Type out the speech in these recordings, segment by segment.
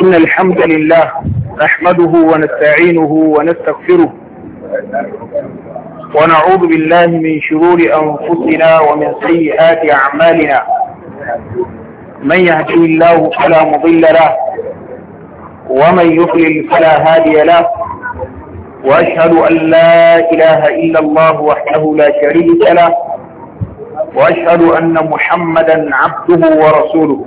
إن الحمد لله نحمده ونستعينه ونستغفره ونعوذ بالله من شرور أنفسنا ومن سيئات أعمالنا من يهدي الله فلا مضل له ومن يضلل فلا هادي له وأشهد أن لا إله إلا الله وحده لا شريك له وأشهد أن محمدا عبده ورسوله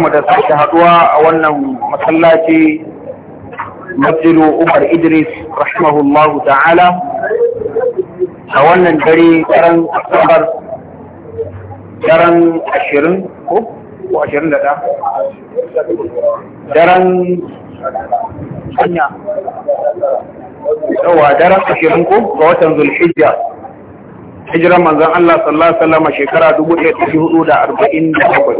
mu da sake haduwa a wannan masallaci masjidu umar idris rahimahullahu ta'ala a wannan dare karan asabar daren ashirin ko ko ashirin da ɗa daren hanya yawa daren ashirin ko ga watan zulhijja hijiran manzon Allah sallallahu alaihi wasallam shekara 1447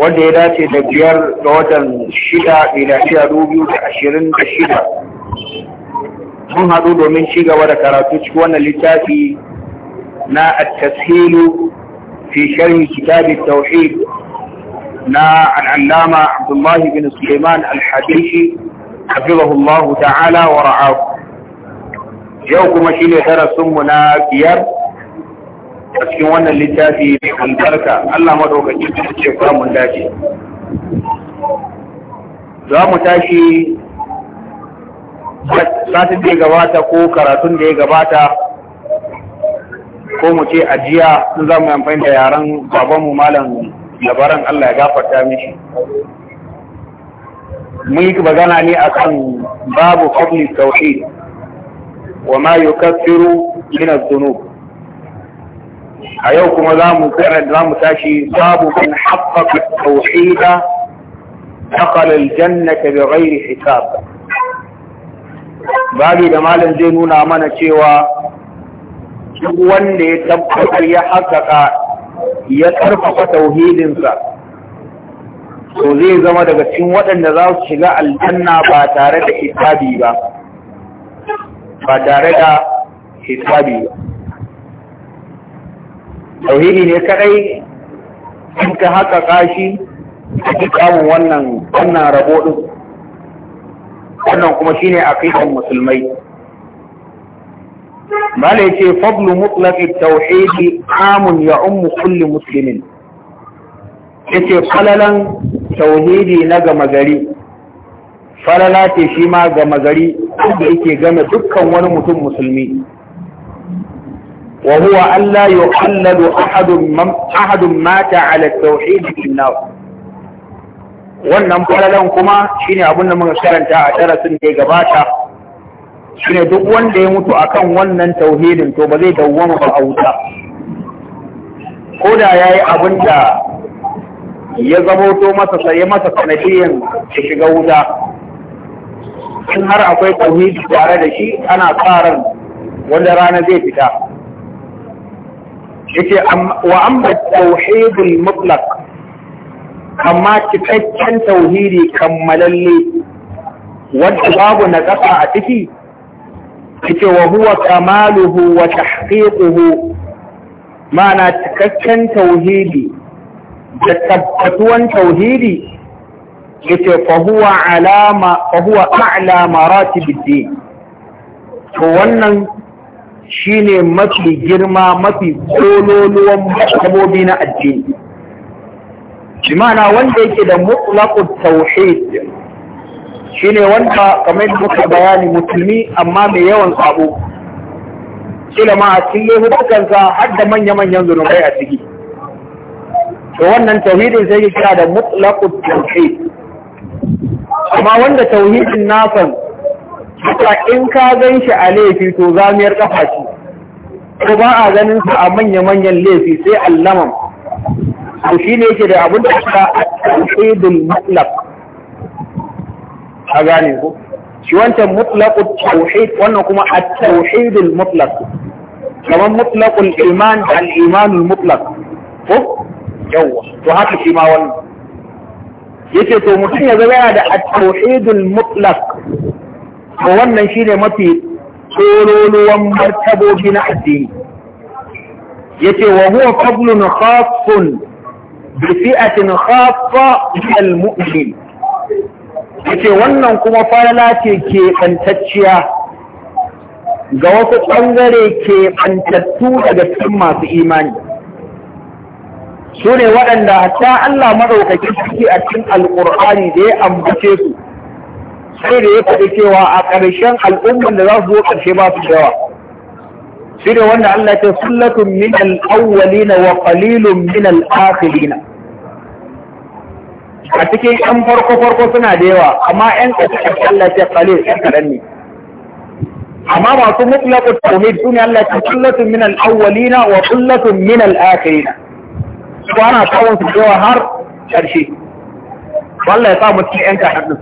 wanda ya dace da biyar da watan shida miladiya 2026 mun haɗu domin ci gaba da karatu cikin wannan littafi na at fi sharhi kitab at-tauhid na al-allama Abdullah bin Suleiman al-Habishi حفظه الله wa ورعاه yau kuma shi shine mu na biyar a cikin wannan littafi mai albarka Allah maɗaukacin da ce samun dace za mu tashi satin da ya gabata ko karatun da ya gabata ko mu ce ajiya sun za mu amfani da yaren babanmu malam labaran Allah ya gafarta mishi mun yi magana ne akan babu fadli tauhid wa ma yukaffiru min adh-dhunub a yau kuma za mu za mu tashi babu man haqqaqa tauhida dakhala al-jannata bighairi hisab babu da malam zai nuna mana cewa duk wanda ya tabbatar ya haƙaƙa ya ƙarfafa tauhidinsa to zai zama daga cikin waɗanda za su shiga aljanna ba tare da hisabi ba ba tare da hisabi ba tauhidi ne kadai in ka haka kashi ka kamun wannan wannan rabo wannan kuma shine aqidan musulmai bala ce fablu mutlaƙi tauhidi amun amun ya'um kulli Ya ce falalan tauhidi na gama gari falala ce shi ma ga magari da yake game dukkan wani mutum musulmi wa huwa Allah yuhallalu ahadun ahadun mata ala tauhid wannan falalan kuma shine abin da muka karanta a darasin da ya gabata shine duk wanda ya mutu akan wannan tauhidin to ba zai dawwama ba a wuta ko da yayi yi abinda ya zamoto to masa sanadiyyan ya shiga wuta in har akwai tauhidi tare da shi ana tsaron wanda rana zai fita yake wa amma tauhidul mutlaq amma cikakken tauhidi kammalalle wanda babu na ƙasa a ciki yake wa huwa kamaluhu wa tahqiquhu ma'ana cikakken tauhidi da tabbatuwan tauhidi yace fa huwa alama fa huwa a'la maratibid to wannan shine mafi girma mafi kololuwan matsabobi na addini jimana wanda yake da mutlaqut tauhid shine wanda kamar muka bayani musulmi amma mai yawan sabo kila ma a cikin hukunsa har da manya-manyan zunubai a ciki to wannan tauhidin sai ya kira da mutlaqut tauhid amma wanda tauhidin nasan haka in ka gan shi a laifi to zamiyar kafa shi ko ba a ganin sa a manya-manyan laifi sai allaman to shi ne yake da abin da aka a tauhidul mutlak. a gane ku! shi wancan mutlakun tauhid wannan kuma a tauhidin mutlak, kamar mutlakun iman da al mutlak, ko yawwa to haka shi ma wannan yace to mutum ya zama yana da at-tauhidul mutlaq to wannan shine mafi tsoroluwan martabobi na addini yace wa huwa fadlun khassun bi fi'atin khassa al mu'min yace wannan kuma falala ce ke kantacciya ga wasu ɓangare ke kantattu daga cikin masu imani su ne waɗanda ta Allah maɗaukakin suke a cikin alƙur'ani da ya ambace su sai da ya faɗi cewa a ƙarshen al'umman da za su zo ƙarshe ba su yawa shi ne wanda Allah ce sullatun min al-awwalina wa qalilun min al-akhirina a cikin ƴan farko farko suna da yawa amma ƴan ƙarshe Allah ce qalil ƴan kaɗan ne amma masu mutlaqut tauhid su ne Allah ce sullatun min al-awwalina wa sullatun min al-akhirina وانا اتعوض الجوهر شرشي والله يطعم التحين كحرنا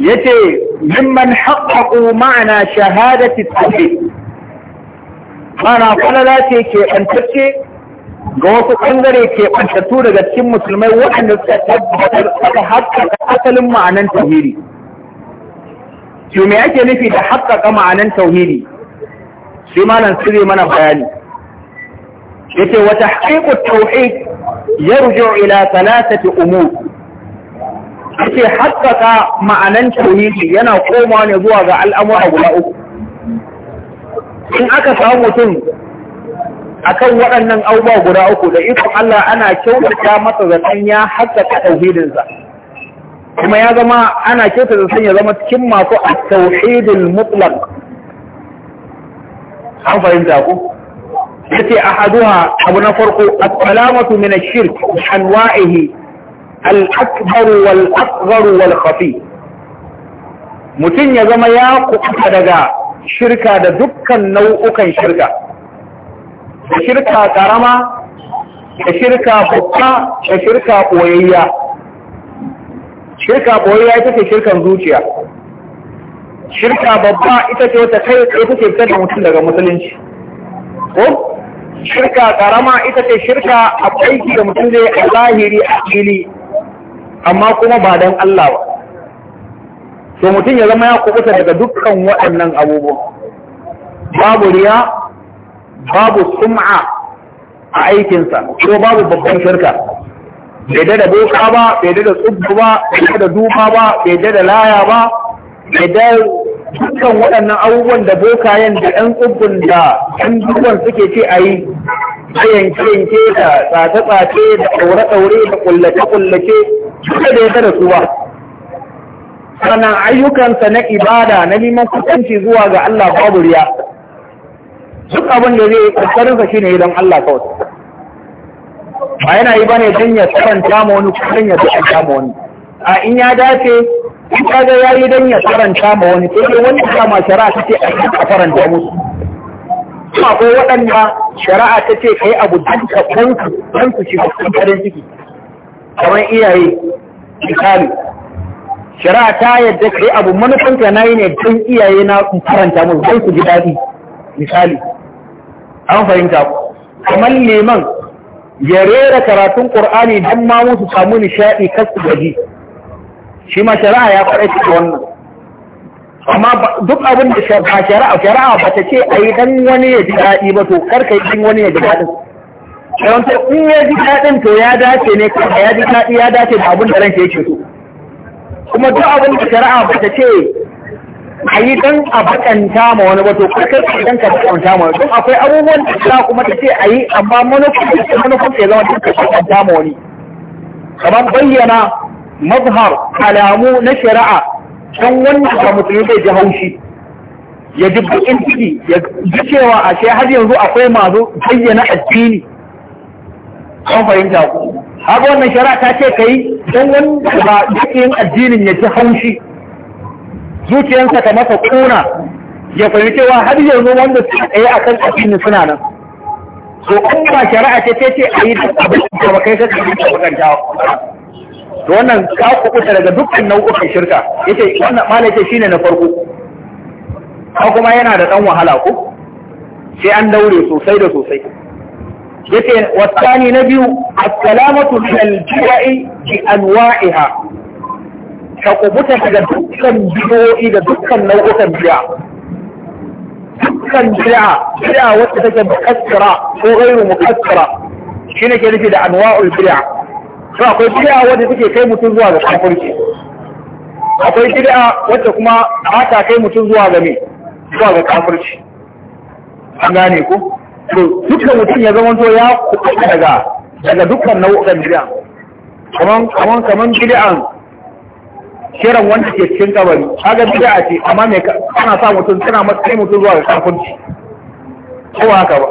يتي ممن حققوا معنا شهادة التوحيد التحين معنى قللاتي كي انتكي قوصوا قنقري كي انشتو لغا تشم مسلمي وحن نفسك حتى قتل معنى التوهيري شو ميأتي نفي تحقق معنى التوهيري شو معنى نصري منا بياني yace wa tahqiqu tauhid yarju ila thalathati umur yace haqqaqa ma'anan tauhidi yana komawa ne zuwa ga al'amura guda uku in aka samu mutum akan waɗannan abubuwa guda uku da ikon Allah ana kyautata masa zaton ya haƙƙaƙa tauhidinsa kuma ya zama ana kyautata zaton ya zama cikin masu a tauhidin mutlaq an fahimta ku yace ahaduha abu na farko as-salamatu min ash-shirk anwa'ihi al-akbar wal-asghar wal-khafi mutun ya zama ya kuka daga shirka da dukkan nau'ukan shirka da shirka karama da shirka babba da shirka koyayya shirka koyayya ita ce shirkan zuciya shirka babba ita ce wata kai ita ce fitar da mutum daga musulunci ko shirka karama ita ce shirka a aiki da mutum zai a zahiri a fili amma kuma ba don Allah ba to mutum ya zama ya kubuta daga dukkan waɗannan abubuwa babu riya babu sum'a a aikinsa ko babu babban shirka bai da boka ba bai da tsubbu ba bai da duba ba bai da laya ba bai da dukkan waɗannan abubuwan da bokayen da ‘yan tsubun da ‘yan dubban suke ce a yi da yanke-yanke da tsace-tsace da ɗaure-ɗaure da ƙullace-ƙullace suke da ya da su ba. Sannan ayyukansa na ibada na neman kusanci zuwa ga Allah babu riya. Duk abin da zai ƙoƙarinsa shi ne don Allah kawai. Ba yana yi ba ne don ya karanta ma wani ko don ya karanta ma wani. A in ya dace in kaga yayi dan ya faranta ma wani ko dai wanda kama shari'a ta ce a faranta musu kuma ko waɗanda shari'a ta ce kai abu dan ka kanku dan ku ci farin ciki kamar iyaye misali shari'a ta yadda kai abu manufan ka nayi ne dan iyaye na faranta musu dan ku ji daɗi misali an fahimta ku kamar neman ya rera karatun Qur'ani dan ma musu samu nishaɗi kasu gaji shi ma shari'a ya faɗa ciki wannan amma duk abin da shari'a shari'a ba ta ce a yi dan wani ya ji daɗi ba to kar ka yi dan wani ya ji daɗin ta in ya ji daɗin to ya dace ne kuma ya ji daɗi ya dace da abin da ranke ce so kuma duk abin da shari'a ba ta ce a yi dan a bakanta ma wani ba to kar ka yi dan ka bakanta ma wani don akwai abubuwan da za kuma ta ce a yi amma manufan ya zama duka bakanta ma wani kamar bayyana mazhar alamu na shari'a don wannan ba musulmi zai ji haushi ya ji bakin ciki ya ji cewa ashe har yanzu akwai masu bayyana addini an fahimta ku haka wannan shari'a ta ce kai don wanda ba yakin addinin ya ji haushi zuciyarsa ta masa kuna ya fahimci cewa har yanzu wanda suka tsaye akan addinin suna nan to in shari'a ce ce a yi da abin da ba kai ka kai da to wannan ka kubuta daga dukkan nau'ukan shirka yace wannan malaka shine na farko ko kuma yana da dan wahala ko sai an daure sosai da sosai yace wasani na biyu as-salamatu min al-bid'i bi anwa'iha ka kubuta daga dukkan bid'o'i da dukkan nau'ukan jira. dukkan jira. Jira wacce take mukassara ko ghairu mukassara shine ke nufi da anwa'ul bid'a So akwai bid'a wadda take kai mutum zuwa ga kafirci akwai bid'a wadda kuma a ta kai mutum zuwa ga me zuwa ga kafirci an gane ku to dukkan mutum ya zama to ya kuɓuta daga daga dukkan nau'ukan bid'a kaman kaman kaman bid'an kiran wanda ke cikin kabari kaga bid'a ce amma me kana sa mutum tana masa kai mutum zuwa ga kafirci ko haka ba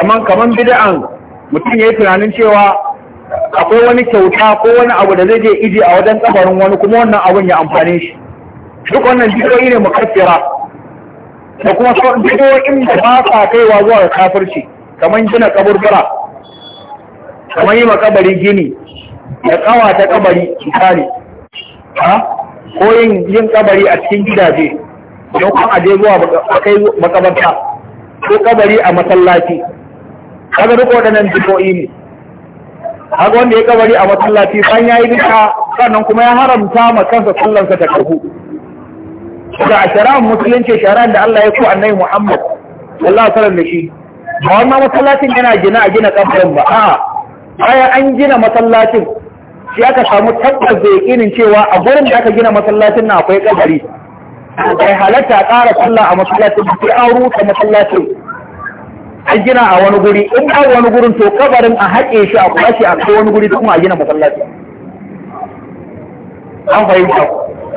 kaman kaman bid'an mutum ya yi tunanin cewa akwai wani kyauta ko wani abu da zai je ije a wajen tsabarin wani kuma wannan abun ya amfane shi duk wannan bidiyoyi ne makarfira da kuma sauran da ba sa kaiwa zuwa ga kafirci kamar gina kaburbura kamar yi makabari gini da kawa ta kabari misali ha ko yin yin kabari a cikin gidaje don kuma aje zuwa kai makabarta ko kabari a masallaci kaga duk waɗannan bidiyoyi ne haka wanda ya kabari a masallaci san yayi bid'a sannan kuma ya haramta ma kansa sallansa ta karhu da shari'ar musulunci shari'ar da Allah ya ku annabi Muhammad sallallahu alaihi wasallam da shi ba wannan masallacin yana gina a gina kabarin ba a'a aya an gina masallacin sai aka samu tabbas da yakinin cewa a gurin da aka gina masallacin na akwai kabari Mai halatta a ƙara sallah a masallacin sai an rusa masallacin an gina a wani guri in ba wani gurin to kabarin a haƙe shi a kwashe a kai wani guri kuma a gina masallaci an fahimta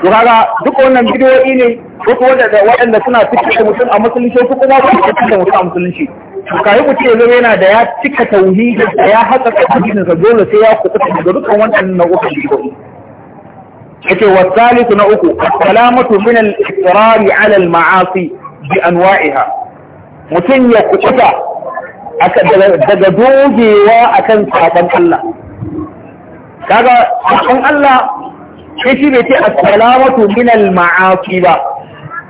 to kaga duk wannan bidiyoyi ne wasu waɗanda suna cikin mutum a musulunci wasu kuma ba su cikin mutum a musulunci kayi ku ce zama yana da ya cika tauhidi da ya haka tauhidin sa dole sai ya kuɓuta daga dukkan wannan nau'ukan bidiyoyi yake wa salisu na uku salamatu min al-istirari ala al-ma'asi bi anwa'iha mutum ya kukuta daga dogewa akan sakon Allah kaga sakon Allah sai shi bai ce assalamatu min al-ma'asi ba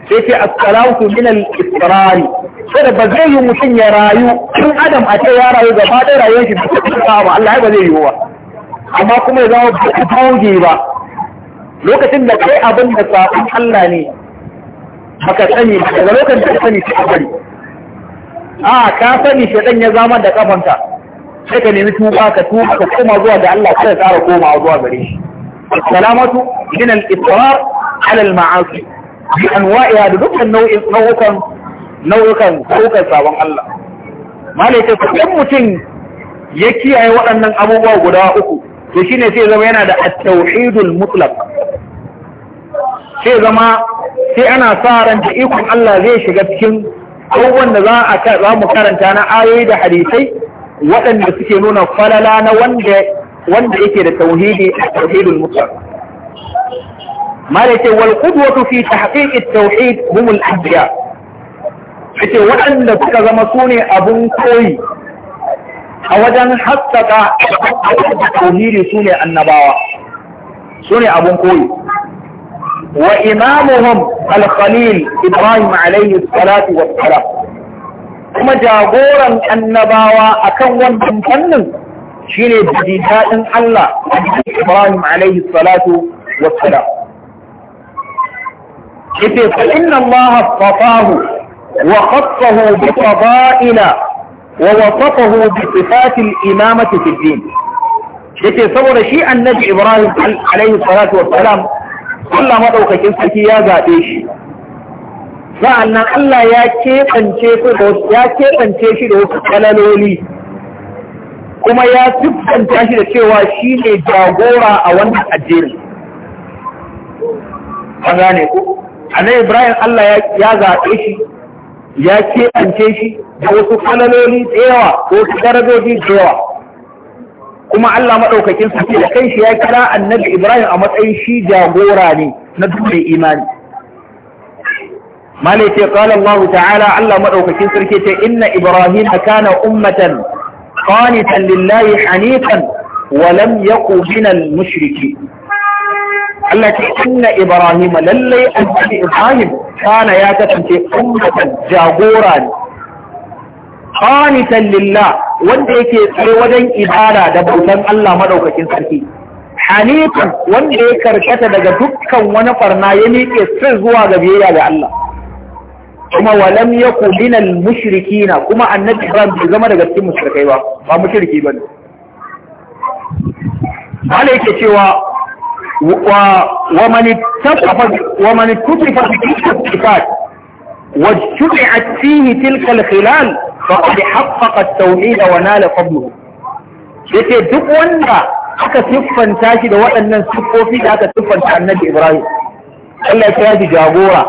sai ce assalamatu min al-israri sai ba zai yi mutum ya rayu tun adam a ce ya rayu gaba ɗaya rayuwar shi ba ba Allah ba zai yi ba amma kuma ya zama ba doge ba lokacin da kai abin da sakon Allah ne baka sani daga lokacin da sani sai bari a ka sani shaɗan ya zama da kafanka sai ka nemi tuba ka tuba ka koma zuwa ga Allah sai ka ƙara komawa zuwa gare shi salamatu min al-israr ala al-ma'asi bi anwa'iha da dukkan nau'in nau'ukan nau'ukan nau'ukan sabon Allah malaika idan mutum ya kiyaye waɗannan abubuwa guda uku to shine sai zama yana da at-tauhidul mutlaq sai zama sai ana sa ran da ikon Allah zai shiga cikin abubuwan da za a za mu karanta na ayoyi da hadisai waɗanda suke nuna falala na wanda wanda yake da tauhidi a tauhidul mutlaq malaka wal qudwatu fi tahqiq at-tauhid hum al-anbiya yace waɗanda suka zama sune abun koyi a wajen haskaka tauhidi sune annabawa sune abun koyi وإمامهم الخليل إبراهيم عليه الصلاة والسلام كما جابورا النباوة أكون من فنن شيني بجيجاء الله إبراهيم عليه الصلاة والسلام كتب إن الله اصطفاه وخصه بفضائل ووصفه بصفات الإمامة في الدين كتب صور شيء النبي إبراهيم عليه الصلاة والسلام Allah maɗaukakin sarki ya zaɓe shi nan Allah ya keɓance shi da wasu kalaloli kuma ya siffanta shi da cewa shi ne jagora a wannan ajiyar. an gane ku annabi Ibrahim Allah ya zaɓe shi ya keɓance shi da wasu kalaloli da yawa ko darajoji da yawa kuma Allah maɗaukakin sarki da kanshi ya kira annabi Ibrahim a matsayin shi jagora ne na dole imani mala ce qala Allah ta'ala Allah maɗaukakin sarki ce inna Ibrahim kana ummatan qanitan lillahi hanifan wa ya yakun minal mushriki Allah ce inna Ibrahim lallai annabi Ibrahim kana ya kasance ummatan jagora ne qanitan lillah wanda yake tsaye wajen ibada da bautan Allah madaukakin sarki hanifan wanda ya karkata daga dukkan wani farna ya miƙe sir zuwa ga biyayya ga Allah kuma walam yaku al mushrikina kuma annabi Ibrahim bai zama daga cikin mushrikai ba ba mushriki bane Allah yake cewa wa man ittaqa wa man kutifa bi sifat wa jumi'at fihi tilka al-khilal faqad haqqaqa at-tauhid wa nala yace duk wanda aka siffanta shi da waɗannan siffofi da aka siffanta annabi Ibrahim Allah ya kira shi jagora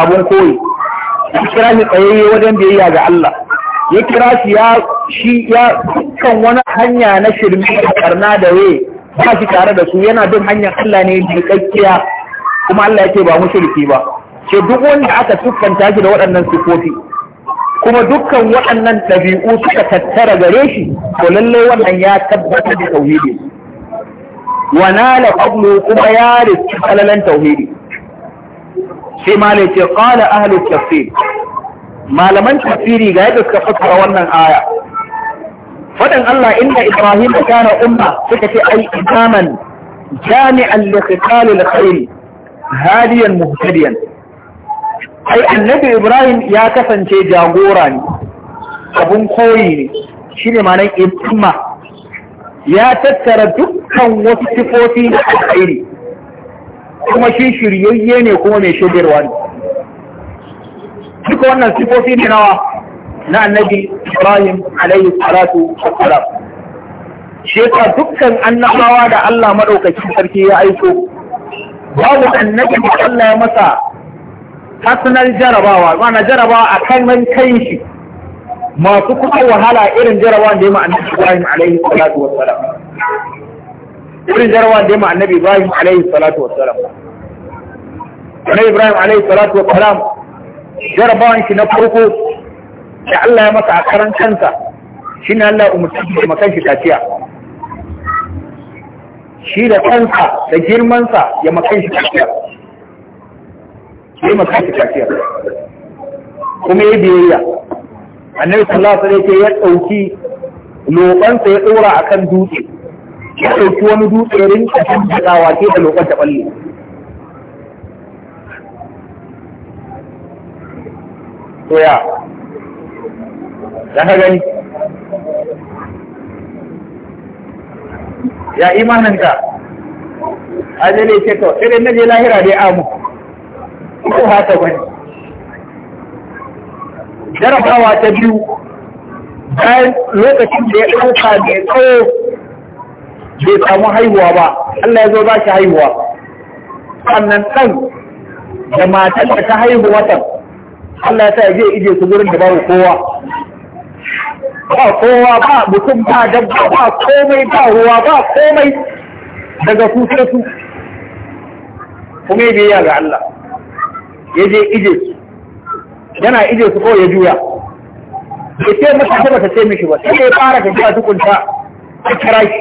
abun koyi ya kira shi tsayayye wajen biyayya ga Allah ya kira shi ya shi ya dukkan wani hanya na shirme da karna da we ba shi tare da su yana bin hanyar Allah ne bi kuma Allah yake ba mushriki ba ce duk wanda aka siffanta shi da waɗannan siffofi kuma dukkan waɗannan ɗabi'u suka tattara gare shi to lalle wannan ya tabbata da tauhidi wa nala qablu kuma ya riski alalan tauhidi sai malai ce qala ahli tafsir malaman tafsiri ga yadda suka fassara wannan aya fadan Allah inna Ibrahim kana umma suka ce ai imaman jami'an li qitalil khair hadiyan muhtadiyan ai annabi ibrahim ya kasance jagora ne abun koyi ne shi ne manan imma ya tattara dukkan wasu sifofi na alkhairi kuma shi shiryayye ne kuma mai shigarwa ne duka wannan sifofi ne nawa na annabi ibrahim alayhi salatu wassalam shi yasa dukkan annabawa da Allah madaukakin sarki ya aiko babu annabi da Allah ya masa hasunar jarabawa mana jarabawa a kan kai shi masu kuma wahala irin jarabawan da ya ma'anar Ibrahim alaihi salatu wassalam irin jarabawan da ya ma'anar Ibrahim alaihi salatu wassalam Annabi Ibrahim alaihi salatu wassalam jarabawan shi na farko da Allah ya masa a karan kansa shine Allah umurci da makan shi kaciya shi da kansa da girmansa ya makan shi kaciya yi maka shi kafiyar kuma ya biyayya annabi sallallahu alaihi wasallam ya dauki lobansa ya dora akan dutse ya dauki wani dutse ya rinka tabbatawa ke da loban ta balle to ya dan gani ya imanin ka ajale ce to idan naje lahira dai amu ko haka bane jarabawa ta biyu bayan lokacin da ya ɗauka mai tsawo bai samu haihuwa ba Allah ya zo ba shi haihuwa sannan ɗan da matan da ta haihu watan Allah ya sa je ije su gurin da babu kowa ba kowa ba mutum ba dabba ba komai ba ruwa ba komai daga su sai su kuma bai ga Allah ya je ije su yana ije su kawai ya juya ya ce masa ba ta ce mishi ba sai ya fara ta jiya tukunta ta kira shi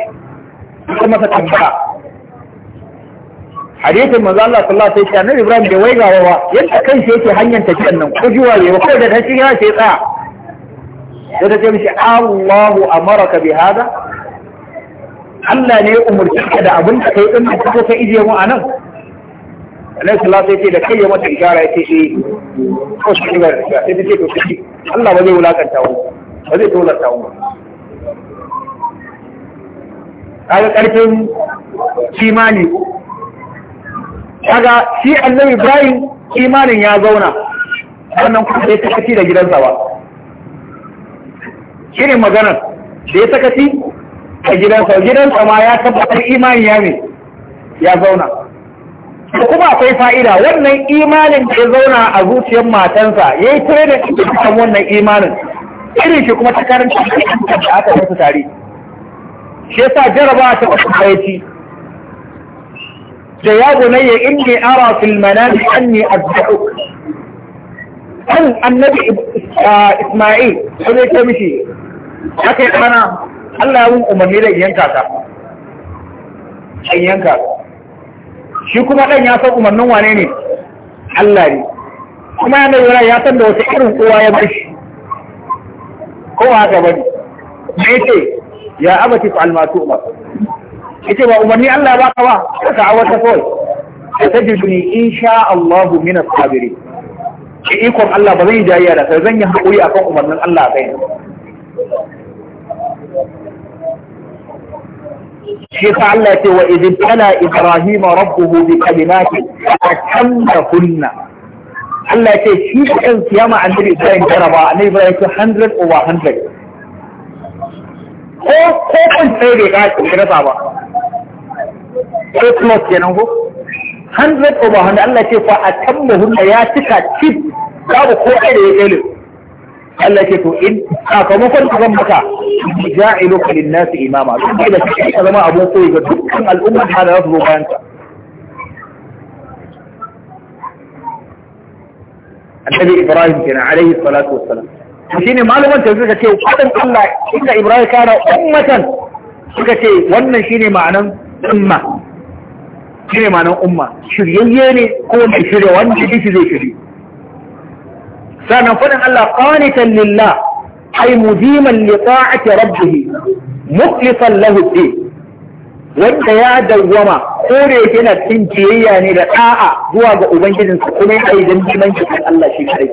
ta masa tambaya hadisin manzo Allah sallallahu alaihi wasallam sai Ibrahim bai waigawa ba yadda kanshi yake hanyar tafiyan nan ko juwa ne ko da tashin ya sai tsaya sai ta ce mishi Allahu amaraka bi hada Allah ne ya umurce ka da abin da kai din da kuka ije mu anan annabi sallallahu ce da kai ya mata ishara ya ce eh ko shi ne sai ta ce to shi Allah ba zai wulakanta mu ba zai tozarta mu kaga karfin kimani kaga shi annabi Ibrahim kimanin ya zauna wannan kuma sai ta da gidansa ba shirin maganar da ya sakaci a gidansa gidansa ma ya tabbatar imani ya ne ya zauna da kuma akwai fa'ida wannan imanin da ya zauna a zuciyar matansa ya yi tare da cikin wannan imanin irin shi kuma ta karanta da aka mutu tare shi sa jaraba ta wasu bayaci da ya bunayya inni ara fil manami anni azbahuk an annabi isma'il sun ya ce mishi aka yi mana Allah ya umarni da yanka ka an yanka shi kuma ɗan ya san umarnin wane ne Allah ne kuma yana yura ya san da wata irin kowa ya bashi ko haka bane me ce ya abati fa almatu umar yace ba umarni Allah ba ka ba ka awata kawai satajiduni insha Allah min mina sabiri. shi ikon Allah ba zai da, sai zan yi hakuri akan umarnin Allah kai shi fa Allah ce wa idin tala Ibrahim rabbuhu bi kalimati atamma kunna Allah ce shi da kan kiyama 100 over 100 ko ko kan sai bai ka kirasa ba ko plus kenan ko 100 over 100 Allah ce fa atamma kunna ya cika chip babu ko da ya Allah ce to in sakamakon ka zan maka ja'ilu ka linnasi imama duk da kake ka zama abun koyi ga dukkan al'ummar da za su zo bayan ka annabi Ibrahim kenan alaihi salatu wassalam shine malaman tafsir suka ce fadan Allah inda Ibrahim kana ummatan suka ce wannan shine ma'anan umma shine ma'anan umma shiryayye ne ko mai shirya wanda shi zai shirya. sannan faɗin Allah qanitan lillah ay mudiman li ta'ati rabbih mukhlisan lahu din wanda ya dawwama ko da yake yana cikin kiyayya ne da da'a zuwa ga ubangijinsa kuma ya yi dandiman shi Allah shi kai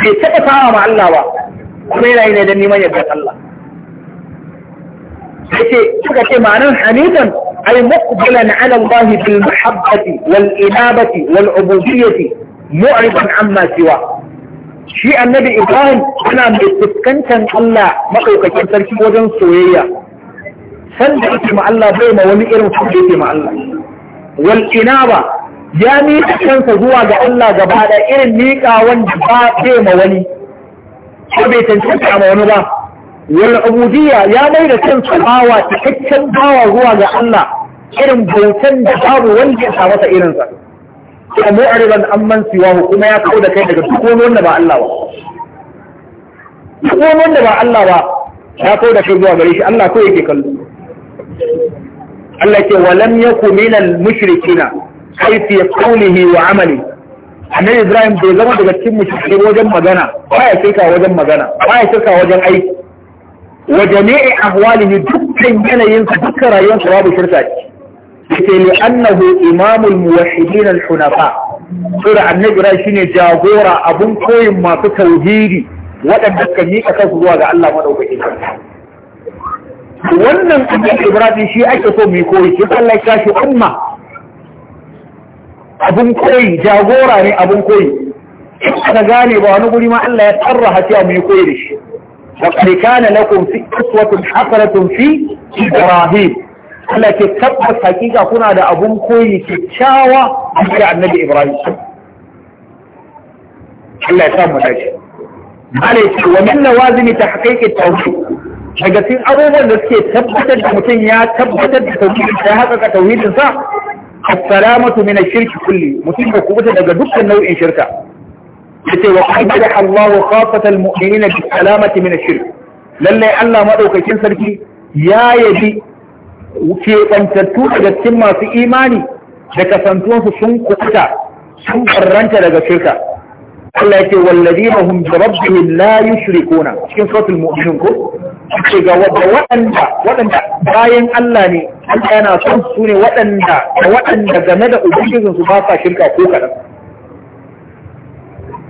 bai taɓa fara ma Allah ba kuma yana yi ne don neman Allah yace suka ce ma'anar hanifan ay muqbilan ala Allah bil muhabbati, wal inabati wal ubudiyyati mu'riban amma siwa shi annabi ibrahim ana mai fuskantar Allah madaukakin sarki wajen soyayya sanda yake ma Allah bai ma wani irin su yake ma Allah wal inaba ya miƙa kansa zuwa ga Allah gaba da irin miƙa wanda ba bai ma wani ko bai tantance ma wani ba wal'ubudiyya ya mai da kansa bawa cikakken bawa zuwa ga Allah irin bautan da babu wanda ya sa masa irinsa wa mu'riban amman siwahu kuma ya kawo da kai daga duk wani wanda ba Allah ba duk wani wanda ba Allah ba ya kawo da kai zuwa gare shi Allah ko yake kallo Allah ke walam yaku minal mushrikina kai fi qawlihi wa amali annabi Ibrahim bai zama daga cikin mushrikai wajen magana baya shirka wajen magana baya shirka wajen aiki wa jami'i ahwalihi dukkan yanayinsa dukkan rayuwarsa babu shirka ce yake li annahu imamul muwahhidin al hunafa sura annabi shine jagora abun koyin masu tauhidi waɗanda suka mika kansu zuwa ga Allah madaukakin wannan abin ibrahim shi ake so mai koyi shi Allah ya shi umma abun koyi jagora ne abun koyi in aka gane ba wani guri ma Allah ya tarraha cewa mai koyi da shi لقد كان لكم في أسوة حسنة في إبراهيم Allah ke tabbas hakika kuna da abun koyi kyakkyawa da annabi Ibrahim Allah ya samu mu dace Allah ce wa min lawazimi tahqiqi tauhid daga cikin abubuwan da suke tabbatar da mutum ya tabbatar da tauhid ya haƙaƙa tauhidin sa as-salamatu min ash-shirk kulli mutum ya kubuta daga dukkan nau'in shirka yace wa qad Allah khafata al-mu'minina bi salamati min ash-shirk lalle Allah madaukakin sarki ya yabi keɓantattu daga cikin masu imani da kasantuwansu sun kuta sun barranta daga shirka Allah yake walladina hum bi rabbihim la yushrikuna cikin suratul mu'minun ko ce ga waɗanda waɗanda bayan Allah ne Allah yana son su ne waɗanda da waɗanda game da ubangijin su ba sa shirka ko kaɗan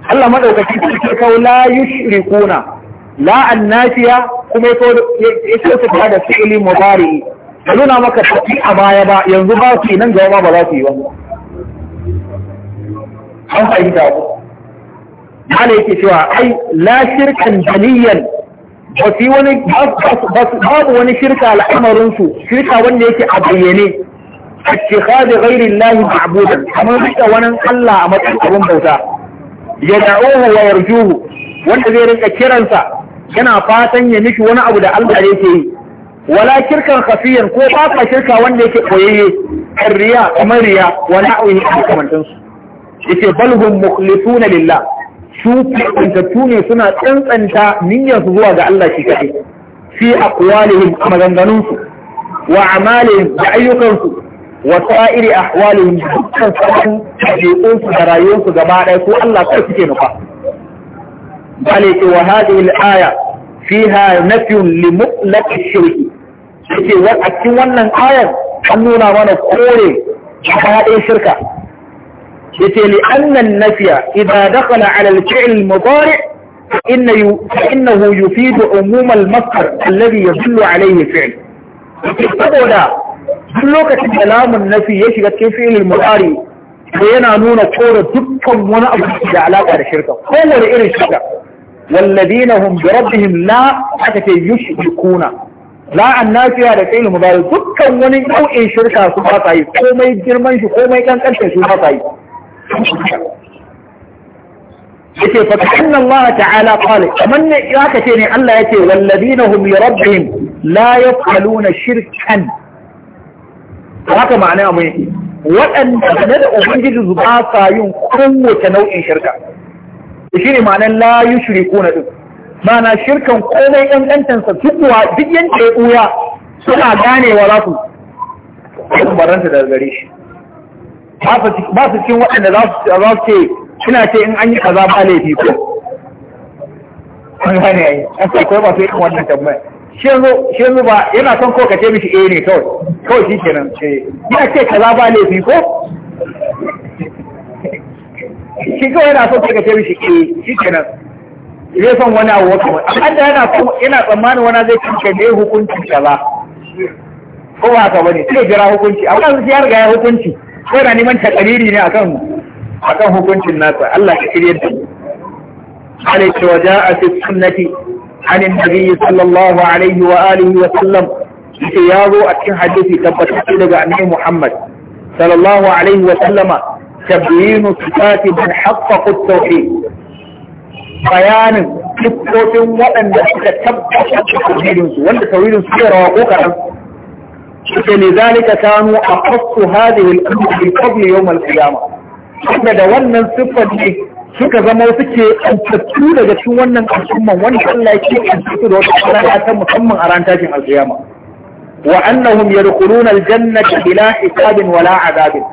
Allah madaukaki ce kawo la yushrikuna la annafiya kuma ya kawo da fi'ili mudari'i da nuna maka tafi a baya ba yanzu ba su nan gaba ba za su yi ba an fahimta ku mana yake cewa ai la shirkan jaliyan ba su wani babu wani shirka al'amarin su shirka wanda yake a bayyane ittikhadu ghairi llahi ma'budan kamar rika wani Allah a matsayin abin bauta ya da'uhu wa yarjuhu wanda zai rinka kiransa yana fatan ya mishi wani abu da Allah yake yi wala kirkan khafiyan ko ba shirka wanda yake koyayye kan riya kamar riya wa na'uhi a kamantan su yace balhum mukhlisuna lillah su kuntattu ne suna tsantsanta niyyar su zuwa ga Allah shi kadai fi aqwalihim a maganganun su wa amalihim da ayyukan su wa sa'iri ahwalihim dukkan sauran ɗabi'un su da rayuwar su gaba ɗaya ko Allah kai suke nufa bale ce wa hadhihi al-aya fiha nafyun li mutlaq ash-shirki yake a cikin wannan ayar an nuna mana kore faɗin shirka yace li annan nafiya idan dakhala ala al-fi'l al-mudari' fa innahu yufidu umum al-masdar alladhi yadullu alayhi fi'l saboda duk lokacin da lamun nafi ya shiga cikin fi'l mudari to yana nuna kore dukkan wani abu da alaka da shirka kowane irin shirka والذين rabbihim بربهم aka حتى يشركون la annafiya da fi'il mudari dukkan wani nau'in shirka su ba sa yi komai girman shi komai kankancin su ba sa yi yake fa kanna Allah ta'ala qala kaman ne haka ce ne Allah yake walladina hum li rabbihim la yaf'aluna shirkan haka ma'ana mu yake waɗanda ne da ubangiji su ba sa yin kowace nau'in shirka shi ne ma'anar la yushrikuna din mana shirkan komai ƙanƙantansa tukuwa duk yanda ɓuya suna ganewa za su baranta daga gare shi ba su cikin waɗanda za su ce suna ce in an yi kaza ba laifi ko an gane yayi an sai kawai ba su yi wannan tambaya shi yanzu ba yana son ko ka ce mishi eh ne kawai kawai shi kenan ce eh. yana ce kaza ba laifi ko shi kawai yana son ko ka ce mishi eh shi kenan zai son wani abu wata wani amma da yana yana tsammanin wani zai kanka ne hukunci kaza ko ba haka bane sai jira hukunci amma yanzu ya riga ya hukunci ko na neman takariri ne akan akan hukuncin nasa Allah ya shirye da عليه وجاء wa السنة عن النبي صلى الله عليه وآله وسلم سياض أكين حديث تبتت لغا عنه محمد صلى الله عليه وسلم تبيين صفات من حقق التوحيد bayanin siffofin waɗanda suka tabbatar da tauhidinsu wanda tauhidinsu ke rawa ko kaɗan suke ne zalika kanu a fasu hadhihi al bi qabli yawm wanda da wannan siffar ne suka zama suke antattu daga cikin wannan al'umman wani Allah ya antattu da wata rana ta musamman a ran tashin al-qiyamah wa annahum yadkhuluna al-jannata bila hisabin wala adabin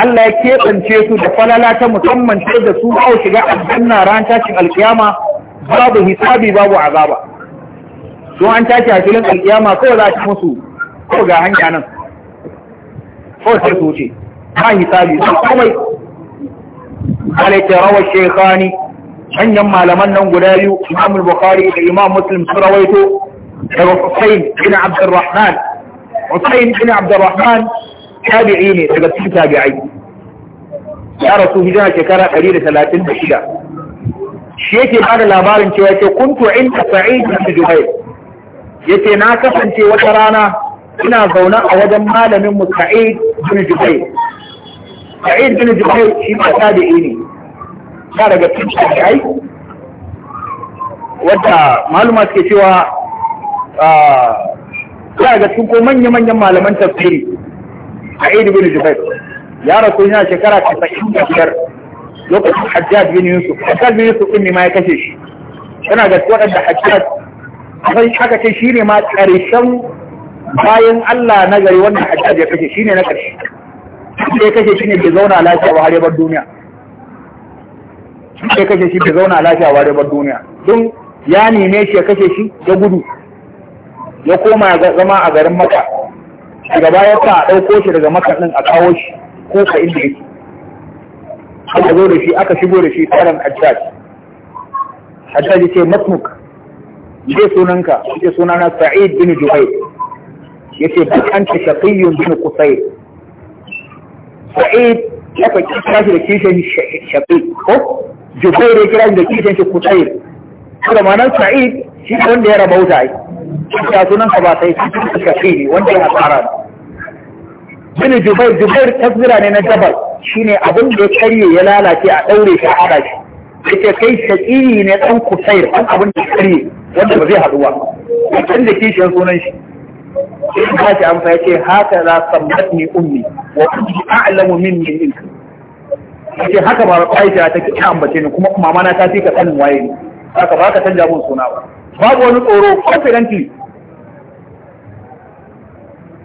Allah ya keɓance su da falala ta musamman ce da su ba shiga aljanna ran tashin alkiyama babu hisabi babu azaba don an tashi a filin alkiyama kawai za ta musu ko ga hanya nan ko sai su wuce ba hisabi su komai alaita rawar shekhani hanyar malaman nan guda biyu imam bukhari da imam muslim sun rawaito daga Hussein bin Abdurrahman Hussein bin Abdurrahman tabi'i ne daga cikin tabi'ai ya rasu hijira shekara 136 shi yake bada labarin cewa ce kuntu inda sa'id bin jubair yace na kasance wata rana ina zaune a wajen malamin mu sa'id bin jubair sa'id bin jubair shi ma tabi'i ne ya daga cikin tabi'ai wadda maluma suke cewa ah, ya daga cikin ko manya-manyan malaman tafsiri Sa'id bin Jubair ya rasu yana shekara 95 lokacin Hajjaj bin Yusuf Hajjaj bin Yusuf din ne ma ya kashe shi yana ga waɗanda Hajjaj sai aka ce shi ne ma ƙarshen bayan Allah na gari wanda Hajjaj ya kashe shi ne na ƙarshe sai ya kashe shi ne bai zauna lafiya ba har ya duniya. duniya sai kashe shi bai zauna lafiya ba har ya duniya don ya neme shi ya kashe shi ya gudu ya koma zama a garin Makka daga baya a ɗauko shi daga makaɗin a kawo shi ko ka inda yake aka zo da shi aka shigo da shi tsaron hajjaji hajjaji ce matmuk ce sunanka ce sunana sa'id bin juhai ya ce ba an ce shaƙiyyun bin kusai sa'id ya fa kira shi da kishin shaƙi ko juhai da kira shi da kishin shi kusai kuma ma'anar sa'id shi wanda ya rabauta ai ya sunan ka ba sai shi ka shi wanda ya hasara bin jubair jubair tasbira ne na Shi ne abin da ya karye ya lalace a daure shi a hada shi ce kai shaqi ne ɗan kusayar ɗan abin da karye wanda ba zai haɗu ba. kan da kishiyar sunan shi in ba shi amsa ce haka za la sammatni ummi wa kuma kunti a'lamu minni Ya ce haka ba Aisha take ta ambace ni kuma mama na ta fi ka sanin waye ne haka ba ka canja mun suna ba babu wani tsoro confidently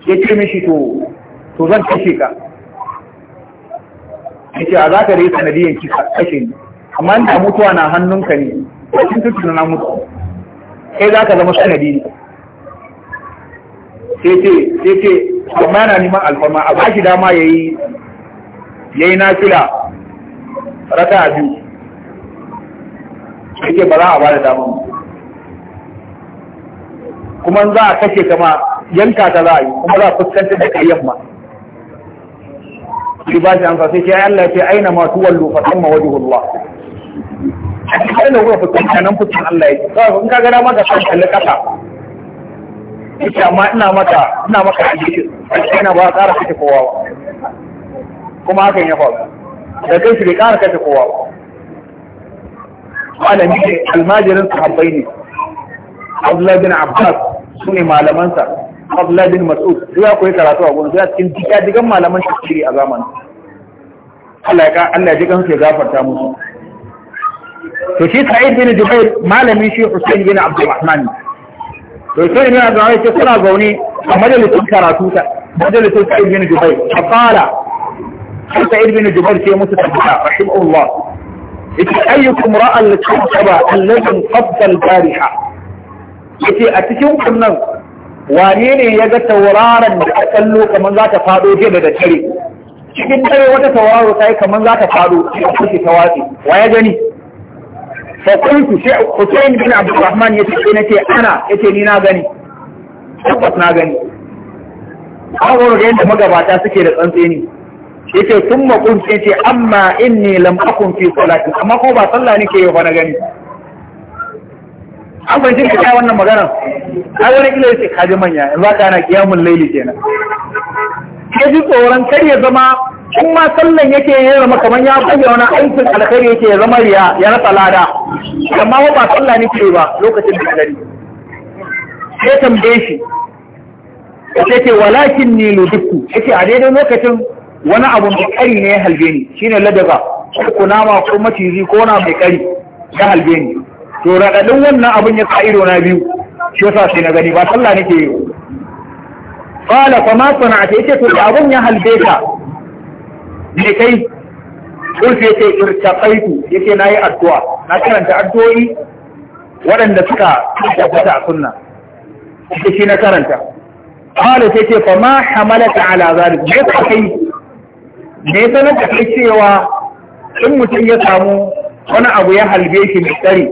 ya ce mishi to to zan kashe ka ya ce a za ka rai sanadiyan kisa kashe ni amma da mutuwa na hannunka ne cin tuntuna na mutu kai za ka zama sanadi ne sai ce sai ce amma yana neman alfarma a ba shi dama ya yi ya yi nafila raka a biyu sai ce ba za a ba da dama kuma za a kashe ma yanka ta za a yi kuma za a fuskantar da kai yamma shi ba shi amsa sai ce Allah ya ce aina ma tuwallu fa thamma wajhullah a cikin da wurin fuskanta nan fuskan Allah ya ce kawai in ka ga maka ka san kalli kasa yace amma ina maka ina maka hadisi ina ba ƙara kace kowa ba kuma hakan ya faru da kai shi bai ƙara kashe kowa ba malami almajirin sahabbai ne Abdullahi bin Abbas su ne malamansa Abdullahi bin Mas'ud duk ya koyi karatu a gurin ya cikin diga digan malaman tafsiri a zaman. Allah ya Allah ya ji kansu ya gafarta musu to shi Sa'id bin Jubair malamin shi Hussein bin Abdul Rahman to sai ne da ya ce suna zaune a majalisin karatu ta majalisin Sa'id bin Jubair fa qala Sa'id bin Jubair sai musu tabbata rahimahullah yace ayyukum ra'a al-kawkaba alladhi qabda al-bariha yace a cikin kunnan wane ne ya ga tauraron da ta kallo kamar za ta fado jiya da daddare cikin dare wata tauraro ta yi kamar za ta fado a kuke ta watsi wa ya gani fa kuntu Hussein bin Abdulrahman ce na ce ana ce ni na gani tabbas na gani an wani da yadda magabata suke da tsantseni ce tun makon sai ce amma in ne akun fi salati amma ko ba sallah nake yi ba na gani an fahimci ka kai wannan magana ai wani kila yace manya yanzu ka ana kiyamul laili kenan Ya ji tsoron kar ya zama in ma sallan yake ya zama kamar ya bayyana wani aikin alkhairi yake ya zama riya ya rasa lada amma ba sallah ne ke ba lokacin da gari sai tambaye shi sai ce walakin ni ludukku yake a daidai lokacin wani abu mai kari ne ya halbe ni shine ladaba ko kunama ko macizi ko na mai kari ya halbe ni to raɗaɗin wannan abin ya sa ido na biyu shi yasa sai na gani ba sallah nake yi qala fa ma sana'ata yake to abun ya halbe ka me kai kulfi yace irtaqaitu yake nayi addu'a na karanta addu'o'i waɗanda suka tabbata a sunna yake shi na karanta qala sai ce fa ma hamalaka ala zalik me kai me sanar da kai cewa in mutum ya samu wani abu ya halbe shi mai tsari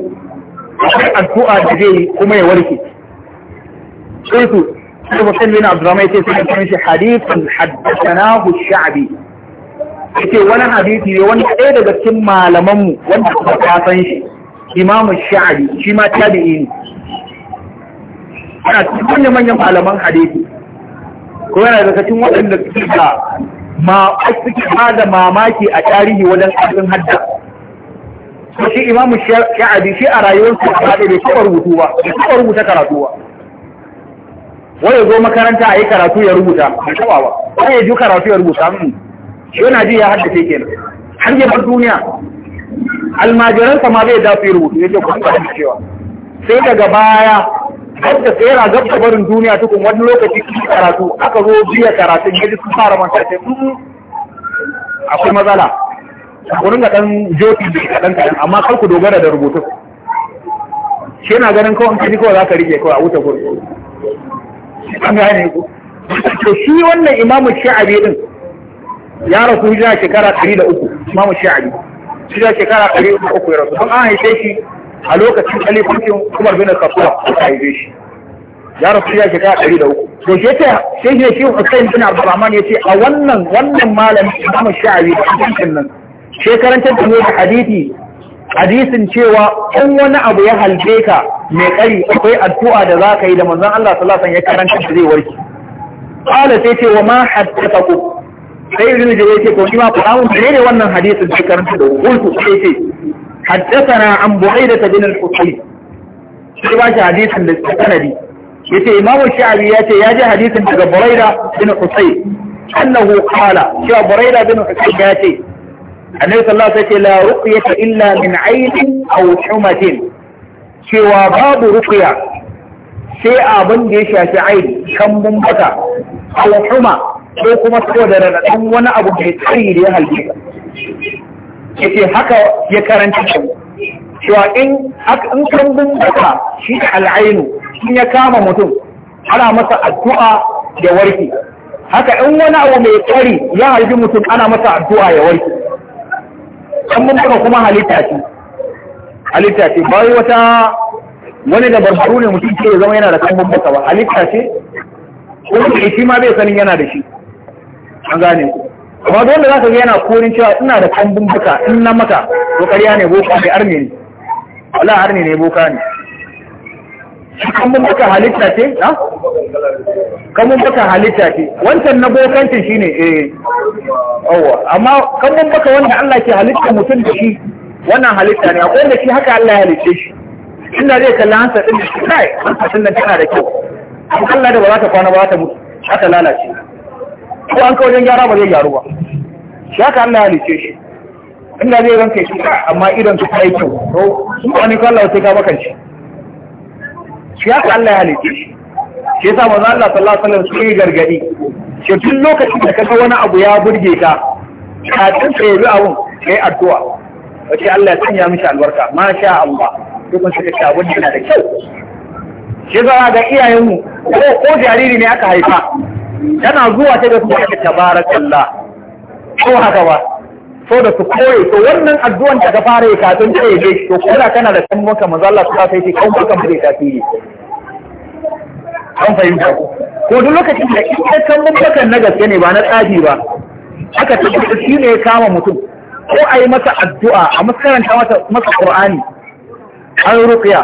akwai addu'a da zai kuma ya warke sai sai mutum bin abdurrahman yace sai kan shi hadithun haddathanahu sha'bi yace wani hadisi ne wani ɗaya daga cikin malamanmu wanda kuma ta san shi imam sha'abi shi ma da ne ana cikin manyan malaman hadisi ko yana daga cikin waɗanda suka ma suke ba da mamaki a tarihi wajen ƙarfin hadda ko shi imamu sha'abi shi a rayuwarsa a da bai taɓa rubutu ba bai taɓa rubuta karatu ba wai ya zo makaranta a yi karatu ya rubuta bai taɓa ba wai ya ji karatu ya rubuta mu hmm. shi yana ji ya haddace kenan har yabar duniya zai ma su yi rubutu ku kuma da cewa sai daga baya har da tsera gab barin duniya tukun wani lokaci ki karatu aka zo biya karatu ya ji sun fara manta sai hmm. akwai matsala ku ringa dan joti da kaɗan kaɗan amma kar ku dogara da rubutu shi na ganin kawai kaji kawai za rike kawai a wuta ko an ga ne to shi wannan imamu sha'abi din ya rasu hijira shekara 103 imamu sha'abi hijira shekara 103 ya rasu don an haife shi a lokacin kalifancin Umar bin Khattab aka haife shi ya rasu ya shekara ɗari da uku to shi sai shi Hussein bin Abdurrahman yace a wannan wannan malami imamu Sha'abi da cikin nan shekarantar da ne da hadisi hadisin cewa in wani abu ya halbe ka mai kari akwai addu'a da za ka yi da manzon Allah sallallahu alaihi wasallam ya karanta shi zai warke qala sai ce wa ma ku. sai ibn jarir ce ko shi ma fa'amun ne wannan hadisin sai karanta da hukuntu sai ce haddathana an bu'aida bin al-husayn sai ba shi hadisin da sanadi ce imam shafi ya ce ya ji hadisin daga buraida bin husayn annahu qala cewa buraida bin husayn ya ce annabi sallallahu alaihi wasallam la ruqyata illa min ainin aw humatin cewa babu ruqya sai abin da ya shafi aini kambun baka aw huma ko kuma saboda raɗaɗin wani abu da ya tsari da ya halbe ka ce haka ya karanta cewa in in kambun baka shi al'ainu in ya kama mutum ana masa addu'a da warke haka in wani abu mai tsari ya halbi mutum ana masa addu'a ya warke Kan mun baka kuma halitta ce halitta ce bai wata wani da barbaru ne mutum ke zama yana da kan mun baka ba halitta ce ko shi shi ma bai sanin yana da shi an gane ku amma da wanda za ka ga yana korin cewa ina da kan mun baka in na maka to ƙarya ne boka ne arme ne wala arme ne boka ne kamun baka halitta ce na? kamun baka halitta ce wancan na bokancin shine eh yawa amma kamun baka wanda Allah ke halitta mutum da shi wannan halitta ne akwai da shi haka Allah ya halitta shi inda zai kalla hansa ɗin da shi kai hansa nan tana da kyau Allah da ba za ta kwana ba za ta mutu haka lalace ko an kawo wajen gyara ba zai gyaru ba shi haka Allah ya halitta shi inda zai ranka shi amma idan su kai kyau to su ne kallon sai ka bakanci shi haka Allah ya halitta shi shi yasa manzo Allah sallallahu alaihi wasallam sai gargadi shi duk lokacin da kaga wani abu ya burge ka kafin ka yi ya kai addu'a wace Allah ya sanya mishi albarka ma sha Allah duk wanda kace yana da kyau shi yasa ga iyayenmu ko ko jariri ne aka haifa tana zuwa ta ga kuma ta tabarakallah ko haka ba so da su koye to wannan addu'an da ka fara yi kafin ta yi to kuma kana da kan maka manzo Allah ta sai kan maka bai tasiri an fahimta ko duk lokacin da in ka kan maka na gaske ne ba na tsafi ba aka tabbata shi ne ya kama mutum ko a yi masa addu'a a maskaranta mata masa Qur'ani an ruqiya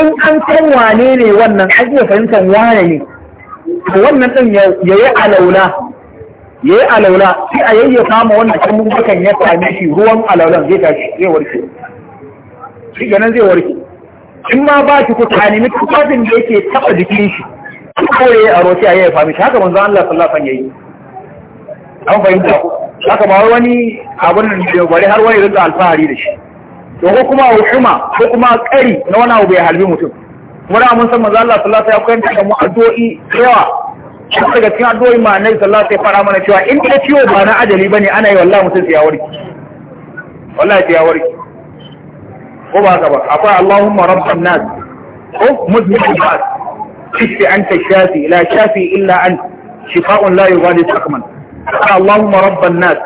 in an san wane ne wannan ajiya fahimtar wane ne to wannan din ya yi alauna ya yi alaula sai a yayya kama wannan kan bakan ya sami shi ruwan alaulan zai tashi zai warke shi ganin zai warke in ma ba ki ku tani mai tufafin da yake taba jikin shi kawai a roci a yayya fami shi haka manzo Allah sallafan ya yi. an fahimta ku haka ba wani abin da ya bari har wani rinka alfahari da shi to ko kuma hukuma ko kuma kari na wani abu bai halbi mutum kuma da mun san manzo Allah sallallahu alaihi wasallam ya kwanta da mu addu'o'i yawa shi daga cikin addu'o'i ma annabi sallallahu alaihi wasallam fara mana cewa in da ciwo ba na ajali bane ana yi wallahi mutum sai ya warke wallahi ya warke ko ba ka ba akwai Allahumma rabban nas ko mudhibul ba'd ishfi anta shafi la shafi illa an! shifa'un la yughadiru saqman Allahumma rabban nas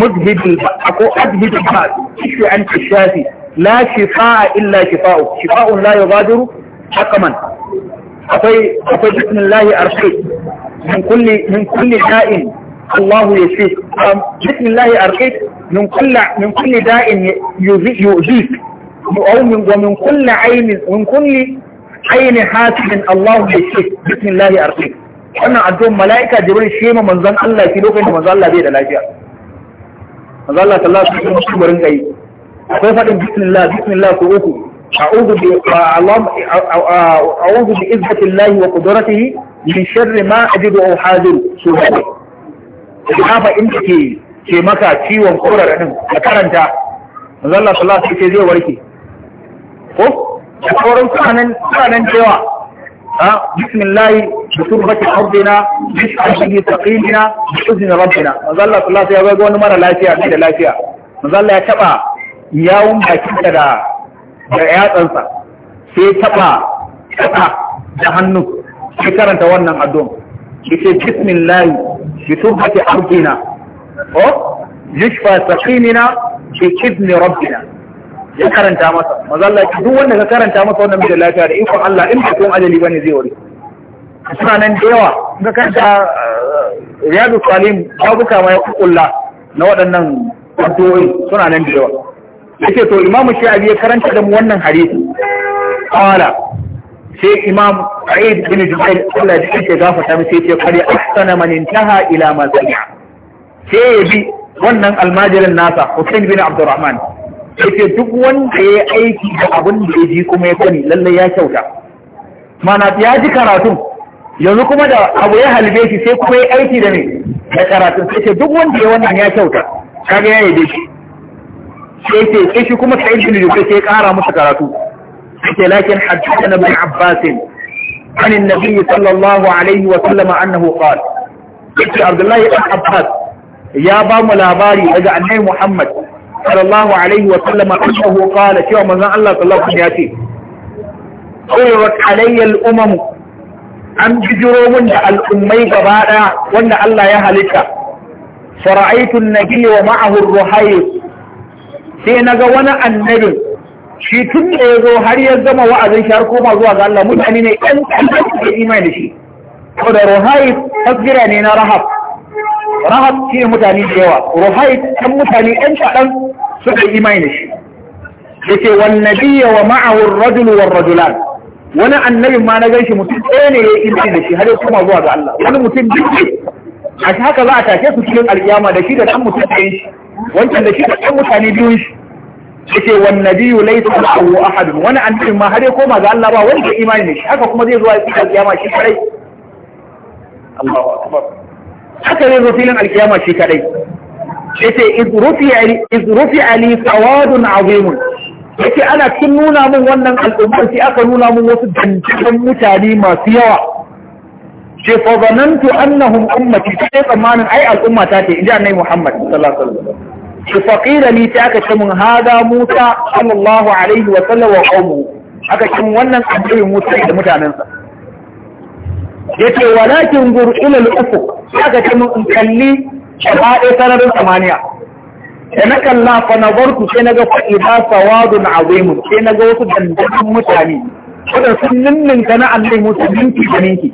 mudhibul ba'd ko adhibul ba'd ishfi anta shafi la shifa'a illa shifa'u. Shifa'un لا يغادر حكما Akwai أطي بسم الله من كل من كل داء الله يشفيك بسم الله أرقيك من كل من كل داء يؤذيك ومن كل عين من كل عين حاسد الله يشفيك بسم الله mala'ika jibril shi ma manzon Allah shi lokacin da manzon lafiya manzon Allah sallallahu alaihi wasallam shi barin gai akwai faɗin, bismillah bismillah ko uku أعوذ أعوذ بعزة الله وقدرته من شر ما أجد أو حاضر سوره haka inda ke ke maka ciwon korar ɗin da karanta zalla sallah ce zai warke ko da sauran sanan sanan cewa ha bismillahi bi turbati ardina bi shahidi taqilina bi izni rabbina zalla sallah sai ya ga wani mara lafiya da lafiya zalla ya taba yawun bakin da da yatsansa sai taba kasa da hannu sai karanta wannan addu'a yace bismillah bi tubati ardina ko yushfa saqimina bi idni rabbina ya karanta masa mazalla duk wanda ka karanta masa wannan mai lafiya da ikon Allah in ba tun ajali bane zai wuri suna nan da yawa ga karanta eh, riyadu salim babuka ma ya kulla na waɗannan addu'o'i suna nan da yawa yake to imam sha'abi ya karanta da mu wannan hadisi qala sai imam sa'id bin jubair Allah ya ce gafarta mu sai ce qad ahsana man intaha ila ma sami'a sai ya bi wannan almajirin nasa Hussein bin Abdurrahman yace duk wanda ya aiki da abin da ya ji kuma ya sani lalle ya kyauta mana ya ji karatun yanzu kuma da abu ya halbe shi sai kuma ya aiki da ne da karatun sai ce duk wanda ya wannan ya kyauta kaga ya yi shi sai ce sai shi kuma sa'id bin jubair sai kara musu karatu sai lakin haddathana ibn abbas an annabi sallallahu alaihi wa sallam annahu qala sai abdullahi ibn abbas ya ba mu labari daga annabi muhammad sallallahu alaihi wa sallam annahu qala cewa manzon Allah sallallahu alaihi wa sallam ya ce qulrat alayya al-umam an bijiro mun da al'ummai gaba daya wanda Allah ya halitta fara'aitu an-nabiyya wa ma'ahu ar-ruhayy sai na ga wani annabi, shi tun da ya zo har ya zama wa'azin shi har koma zuwa ga Allah mutane ne ɗan ƙanƙan da imani da shi saboda rohayit tasgira ne na rahab rahab shi ne mutane da yawa rohayit ɗan mutane ɗan kaɗan suka imani da shi da ke wannabiya wa ma'awar rajulu wa rajulan wani annabin ma na gan shi mutum ɗaya ne ya imani da shi har ya koma zuwa ga Allah wani mutum duk a shi haka za a tashe su cikin alƙiyama da shi da ɗan mutum ɗayan shi wancan da shi da ɗan mutane biyun shi yake wan nabiyyu laysa a ahad wani annabi ma har ya koma ga Allah ba wani da imani ne shi haka kuma zai zo a cikin alƙiyama shi kadai haka zai zo filin alƙiyama shi kadai yace iz rufi'a li sawadun azimun ce ana cikin nuna mun wannan al'ummar sai aka nuna mun wasu dantakan mutane masu yawa ce fa zanantu annahum ummati sai tsammanin ai al'umma ta ce inji annabi Muhammad sallallahu alaihi wasallam ce faqila li ta aka ce mun hada Musa sallallahu alaihi wa sallam wa qawmu aka ce wannan annabi Musa da mutanensa yace walakin gur ila al-ufuq aka ce mun in kalli shabaɗe sararin samaniya da na kalla fa nazartu sai naga fa idha sawadun azimun sai naga wasu dandamin mutane wadan sun ninninka na annabi Musa ninki da ninki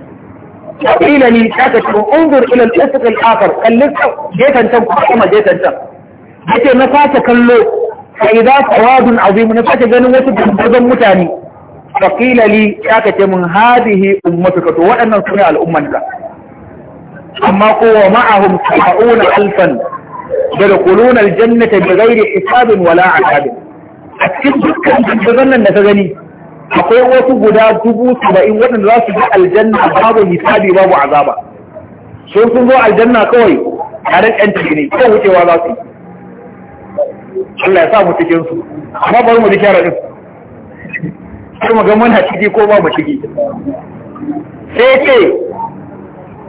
وقيل لي شاكت وانظر الى الاسق الاخر خلصت جيتا انتم قرأما جيتا انتم جيتا نساك كله فاذا تواب عظيم نساك جنوات جنبضم متاني فقيل لي شاكت من هذه امتك وانا نصنع الامة اما قوة معهم سبعون الفا يدخلون الجنة بغير حساب ولا عذاب اكتب كم جنبضنا نساك جنبضنا akwai wasu guda dubu saba'in waɗanda za su ji aljanna babu hisabi babu azaba so sun zo aljanna kawai tare ɗan tafi ne kawai wucewa za su Allah ya sa mu cikin su amma bari mu ji kyara din sai mu ga ha ciki ko ba mu ciki sai ce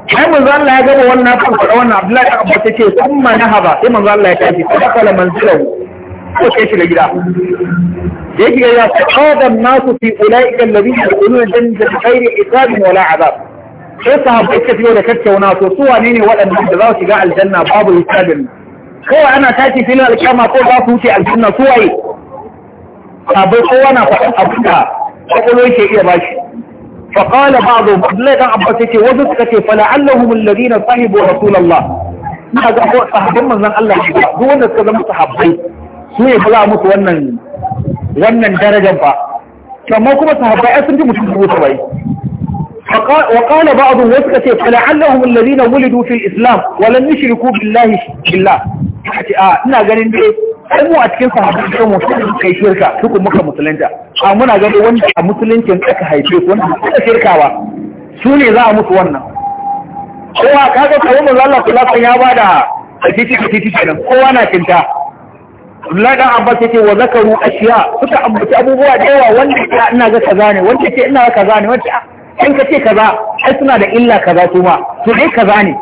kai zan Allah ya gaba wannan kan faɗa wannan Abdullahi Abbas ce sun haba sai zan Allah ya tafi sai kala manzilahu ko sai shiga gida da yake ga ya qadan nasu fi ulaika alladhina yadkhuluna jannata ghairi hisabin wala azab sai sahabbai suka fito da tattauna to su wane ne waɗannan da za su shiga aljanna babu hisabin Kowa ana tashi filin alkama ko za su wuce aljanna su waye sahabbai kowa na faɗin abin da kwakwalwa ke iya bashi فقال بعضهم لا كان عباس وذكرت فلعلهم الذين صحبوا رسول الله na ga ko sahabban manzon Allah shi ba duk wanda suka zama sahabbai su ne ba za musu wannan darajar ba kamar kuma su sahabbai ai sun ji mutum dubu sabai wa qala ba'd wasu kace fa la'allahum alladhina wuli fil islam wa lam yushriku billahi billah kace a ina ganin dai ai mu a cikin sahabbai sai mu sai kai shirka duk muka musulunta a muna ganin wanda a musuluncin aka haife su wanda suka shirka ba. su ne za a musu wannan kowa kaga kawai manzo Allah sallallahu alaihi wasallam ya bada titi titi kenan kowa na kinta lada abbas yake wa zakaru ashiya suka ambaci abubuwa da yawa wanda ya ina ga kaza ne wanda ce ina ga kaza ne wanda ah, in ka ce kaza ai suna da illa kaza ma to dai kaza ne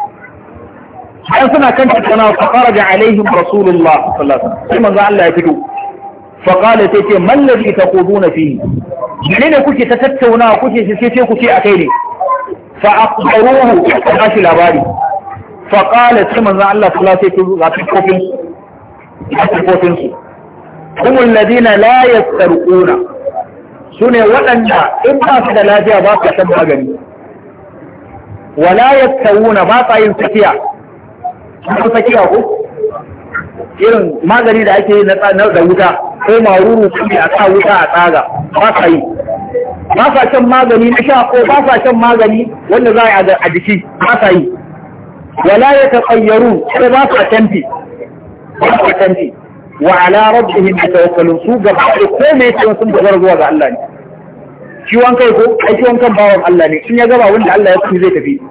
ai suna kan tattana fa faraja alaihim rasulullah sallallahu alaihi wasallam sai manzo Allah ya fito fa qala sai ce man ladhi taquduna fihi ne ne kuke ta tattauna kuke sai ku ce kuke akai ne fa akhbaruhu ka bashi labari fa qala sai manzo Allah sallallahu alaihi wasallam sai ga kofin a sifofinsu kumul ladina la Su ne waɗanda in ba su da lafiya ba su shan magani wala yastawuna ba sa yin sakiya ko sakiya ko irin magani da ake yi na da wuta ko maruru kuma a sa wuta a tsaga ba sa yi ba sa shan magani na sha ko ba sa shan magani wanda za a yi a jiki ba sa yi wala ya taƙayyaru sai ba sa canfi ba su canji wa ala rabbihim yatawakkalun su gaba da komai sun sun dogara zuwa ga Allah ne ciwon kai ko a ciwon kan bawan Allah ne in ya gaba wanda Allah ya sani zai tafi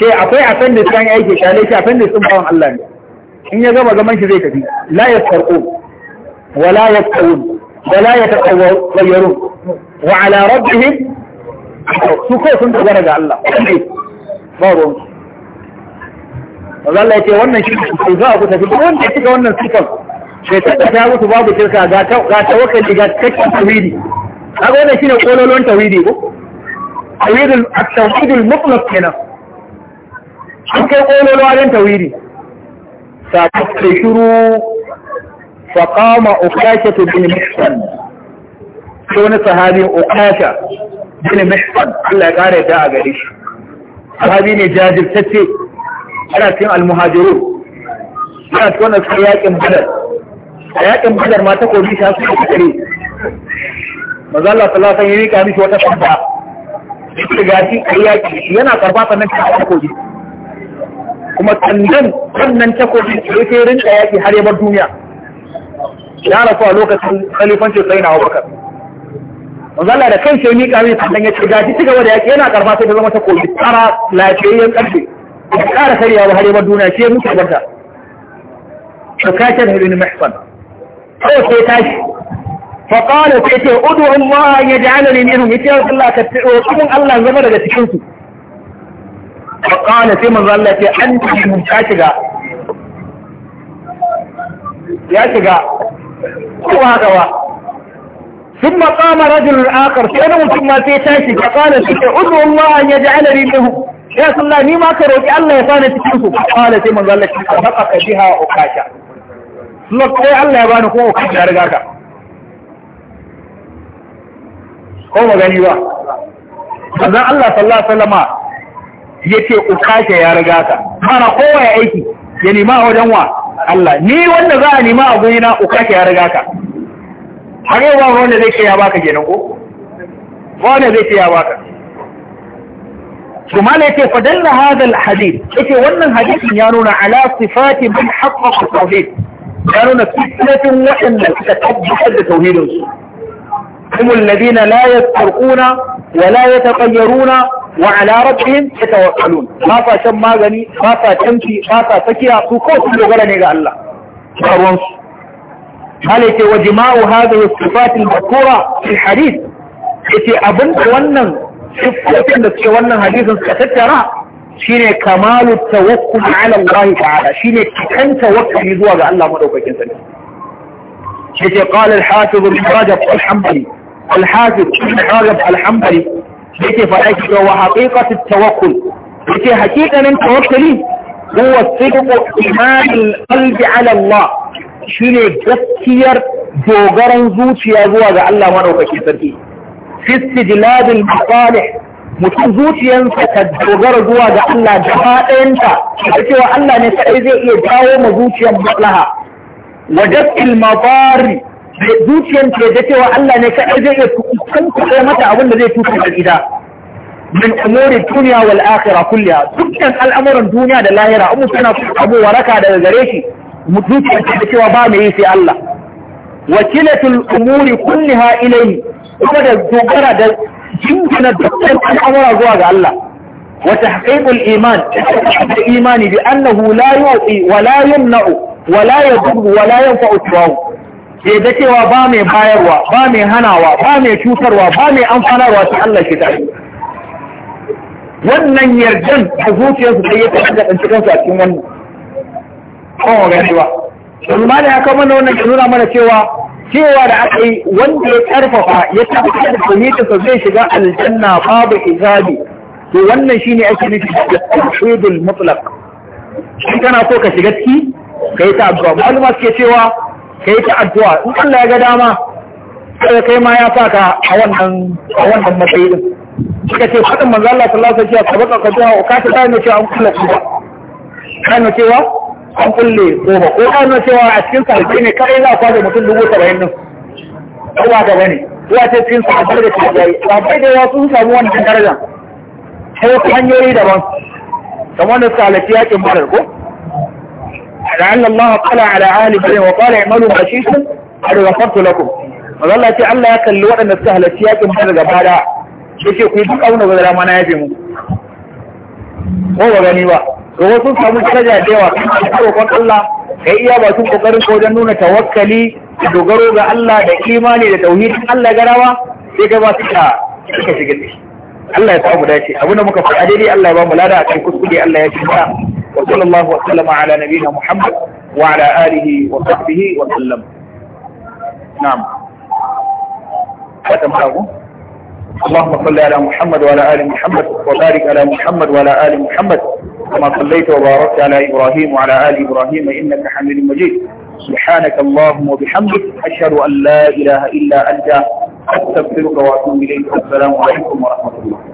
sai akwai appendix kan yake shale shi appendix sun bawan Allah ne in ya gaba gaman shi zai tafi la farko wala yastawun wala yatawayyaru wa ala rabbihim su kai sun dogara ga Allah ba ruwansu Allah ya ce wannan shi ne za a ku tafi wanda ya cika wannan sifar shaitan da ta mutu babu shirka ga ta wakali ga cikakken tawhidi kaga wannan shine kololon tawhidi ko tawhidul at-tawhidul mutlaq kenan an kai kololo wajen tawhidi sabon da shiru faƙama ukasha ta bin mishkan shi wani sahabi ukasha bin mishkan Allah ya ƙara ta a gari shi sahabi ne jajirtacce Ana cikin almuhajiru yana cikin wannan sai yakin badar a yakin badar ma takobi shi da kare maza Allah sallallahu alaihi wasallam ya mishi wata sabba shi ga shi a yaki yana karba sannan ta takobi kuma sannan sannan takobi sai ke rinka yaki har ya bar duniya ya rasu a lokacin khalifancin sai na Abubakar manzo Allah da kansa ya mika mai sannan ya ce ga shi cigaba da yaki yana karba sai ta zama takobi tsara lafiyayyen karfe ba ƙara karya ba har yabar duniya ce mutu barta ka kace da ibn mahsan kawai sai tashi fa qala sai ce ud'u Allah ya ja'alani minhum yace Allah ka tsiro cikin Allah zama daga cikin su fa qala sai manzo Allah ce an mun ka shiga ya shiga ko haka ba ثم قام رجل آخر سأنا ثم تيتاشي فقال سيئ أدعو الله أن يجعلني منهم ya sallah ni ma ka roƙi Allah ya sani cikin su kala sai manzo Allah shi ka jiha o ukasha slot sai Allah ya bani ko o ya riga ka ko magani ba manzo Allah sallallahu alaihi wasallama yace ukasha ya riga ka mana kowa ya aiki ya nima a wajen wa Allah ni wanda za a nima a guri na ukasha ya riga ka har yau ba wanda zai ce ya baka kenan ko wanda zai ce ya baka kuma ne dalla fadalla hadal hadith yace wannan hadisin ya nuna ala sifati man haqqaqa tauhid ya nuna fitnatin waɗanda suka tabbatar da tauhidin su هم الذين wa يترقون ولا يتطيرون وعلى ربهم يتوكلون ما فاشن ماغني ما فاشن في ما فاشكيا su ko su dogara ne ga Allah ruwan su malike wa jima'u hadhihi sifat al-madhkura fi hadith yace abin wannan siffofin da suke wannan hadisin suka tattara shine kamalu tawakkul ala Allah ta'ala shine cikan tawakkali zuwa ga Allah madaukakin sarki yace qala al-hafiz rajab al-hanbali rajab al-hanbali yake faɗa ki wa haqiqatu tawakkul yace haƙiƙanin ta huwa sidqu iman al-qalbi ala Allah shine gaskiyar dogaran zuciya zuwa ga Allah madaukakin sarki fi istijladil masalih mutum zuciyarsa ta dogara zuwa ga Allah da ɗayanta da cewa Allah ne kaɗai zai iya jawo ma zuciyar maslaha wa dafil mafari zuciyar ke da cewa Allah ne kaɗai zai iya tukunkuɗe mata abin da zai tuka da gida min umuri duniya wal akhirah kulliha dukkan al'amuran duniya da lahira in suna yana abu waraka daga gare shi zuciyar ke da cewa ba mu yi sai Allah wakilatul umuri kulliha ilayhi kuma da dogara da jingina dukkan al'amura zuwa ga Allah wa tahqiqul iman da imani bi annahu la yu'ti wa la yumna'u wa la yadurru wa la yanfa'u tuwahu ke da cewa ba mai bayarwa ba mai hanawa ba mai cutarwa ba mai amfanarwa sai Allah ke tare wannan yardan da zuciyarsu sai ya tafi da cikin su a cikin wannan ko ga shi ba sun ma da ya mana wannan ya nuna mana cewa cewa da aka yi wanda ya karfafa ya tabbatar da tauhidinsa zai shiga aljanna babu hijabi to wannan shine ake nufi da tauhidul mutlaq shi kana so ka shiga ciki kai ta addu'a malama suke cewa kai ta addu'a in Allah ya ga dama sai kai ma ya saka a wannan a wannan matsayi din suka ce faɗin manzo Allah sallallahu alaihi wasallam ka baka ka du'a ka ta ne cewa an kula ku kana cewa an kulle goma ko an cewa a cikin sarki ne kai za ku da mutum dubu 70 din Kuma da bane ko a cikin sarki da tabi'ai bai da wasu sun samu wannan daraja sai ku hanyoyi daban kamar da suka halaki yakin badar ko la'alla Allah qala ala ali bi wa qala amalu ma shi'tum qad ghafartu lakum maza Allah ce Allah ya kalli waɗanda suka halarci yakin badar gaba da yake ku yi duk abin da ba mana yafe mu ko ba gani ba domin sun samu daraja da yawa kan roƙon Allah kai iya ba su kokarin ko wajen nuna tawakkali da dogaro ga Allah da imani da tauhidin Allah ga rawa sai kai ba su ka suka shiga ne Allah ya samu dace abu da muka faɗa daidai Allah ya ba mu lada a cikin kuskure Allah ya ci ta wa sallallahu wa sallama ala nabiyina Muhammad wa ala alihi wa sahbihi wa sallam na'am ka tambaya ku اللهم صل على محمد وعلى آل محمد وبارك على محمد وعلى آل محمد كما صليت وباركت على إبراهيم وعلى آل إبراهيم إنك حميد مجيد سبحانك اللهم وبحمدك أشهد أن لا إله إلا أنت أستغفرك وأتوب إليك السلام عليكم ورحمة الله